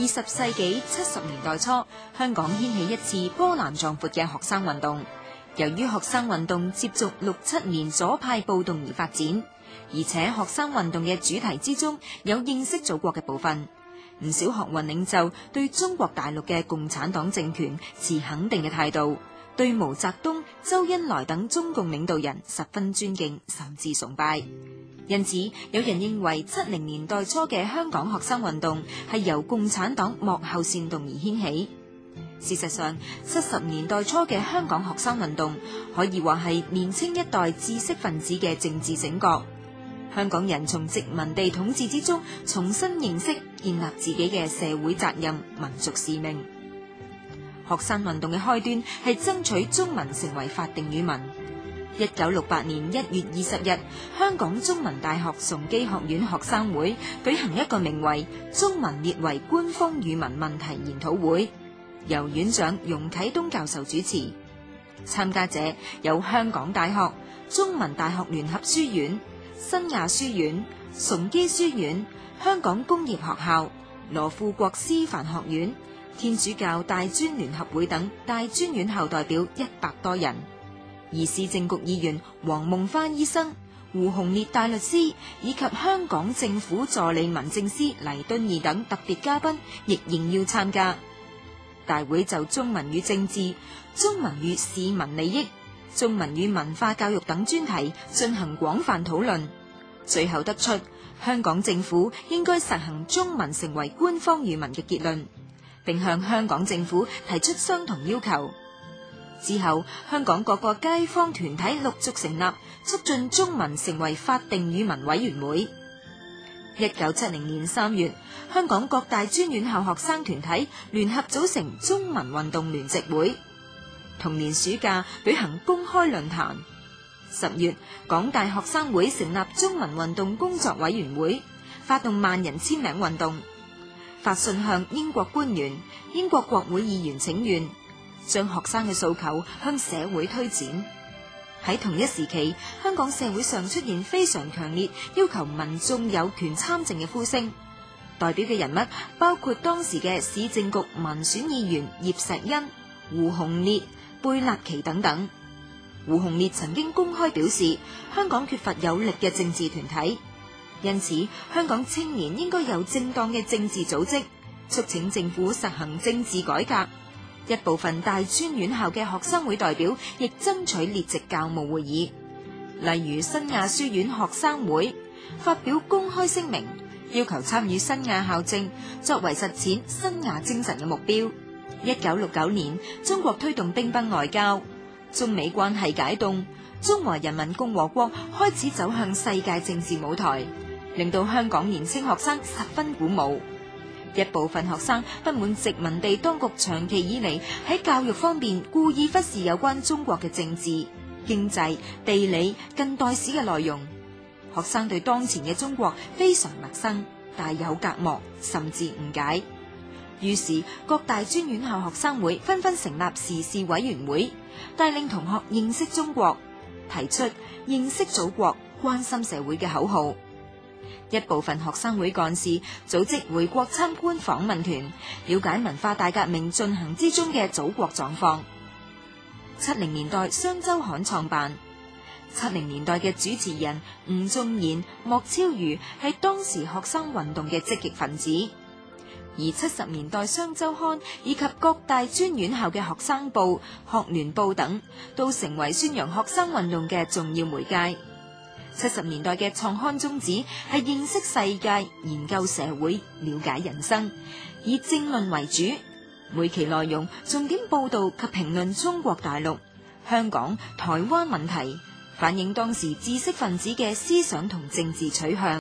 二十世紀七十年代初，香港掀起一次波瀾壯闊嘅學生運動。由於學生運動接續六七年左派暴動而發展，而且學生運動嘅主題之中有認識祖國嘅部分，唔少學運領袖對中國大陸嘅共產黨政權持肯定嘅態度，對毛澤東、周恩來等中共領導人十分尊敬，甚至崇拜。因此，有人認為七零年代初嘅香港學生運動係由共產黨幕後煽動而掀起。事實上，七十年代初嘅香港學生運動可以話係年青一代知識分子嘅政治醒覺。香港人從殖民地統治之中重新認識、建立自己嘅社會責任、民族使命。學生運動嘅開端係爭取中文成為法定語文。一九六八年一月二十日，香港中文大學崇基學院學生會舉行一個名為《中文列為官方語文問題研討會》，由院長容啟東教授主持。參加者有香港大學、中文大學聯合書院、新亞書院、崇基書院、香港工業學校、羅富國師範學院、天主教大專聯合會等大專院校代表一百多人。而市政局議員黃夢花醫生、胡鴻烈大律師以及香港政府助理民政司黎敦義等特別嘉賓亦仍要參加。大會，就中文與政治、中文與市民利益、中文與文化教育等專題進行廣泛討論。最後得出香港政府應該實行中文成為官方語文嘅結論，並向香港政府提出相同要求。之後，香港各個街坊團體陸續成立促進中文成為法定語文委員會。一九七零年三月，香港各大專院校學生團體聯合組成中文運動聯席會，同年暑假舉行公開論壇。十月，港大學生會成立中文運動工作委員會，發動萬人簽名運動，發信向英國官員、英國國會議員請願。將學生嘅訴求向社會推展。喺同一時期，香港社會上出現非常強烈要求民眾有權參政嘅呼聲。代表嘅人物包括當時嘅市政局民選議員葉錫恩、胡鴻烈、貝納祺等等。胡鴻烈曾經公開表示，香港缺乏有力嘅政治團體，因此香港青年應該有正當嘅政治組織，促請政府實行政治改革。一部分大專院校嘅學生會代表亦爭取列席教務會議，例如新亞書院學生會發表公開聲明，要求參與新亞校政，作為實踐新亞精神嘅目標。一九六九年，中國推動乒乓外交，中美關係解凍，中華人民共和國開始走向世界政治舞台，令到香港年輕學生十分鼓舞。一部分學生不滿殖民地當局長期以嚟喺教育方面故意忽視有關中國嘅政治、經濟、地理、近代史嘅內容，學生對當前嘅中國非常陌生，大有隔膜甚至誤解。於是各大專院校學生會紛紛成立時事委員會，帶領同學認識中國，提出認識祖國、關心社會嘅口號。一部分學生會幹事組織回國參觀訪問團，了解文化大革命進行之中嘅祖國狀況。七十年代《雙周刊》創辦，七十年代嘅主持人吳仲賢、莫超如係當時學生運動嘅積極分子。而七十年代《雙周刊》以及各大專院校嘅學生報、學聯報等，都成為宣揚學生運動嘅重要媒介。七十年代嘅創刊宗旨係認識世界、研究社會、了解人生，以政論為主。每期內容重點報道及評論中國大陸、香港、台灣問題，反映當時知識分子嘅思想同政治取向。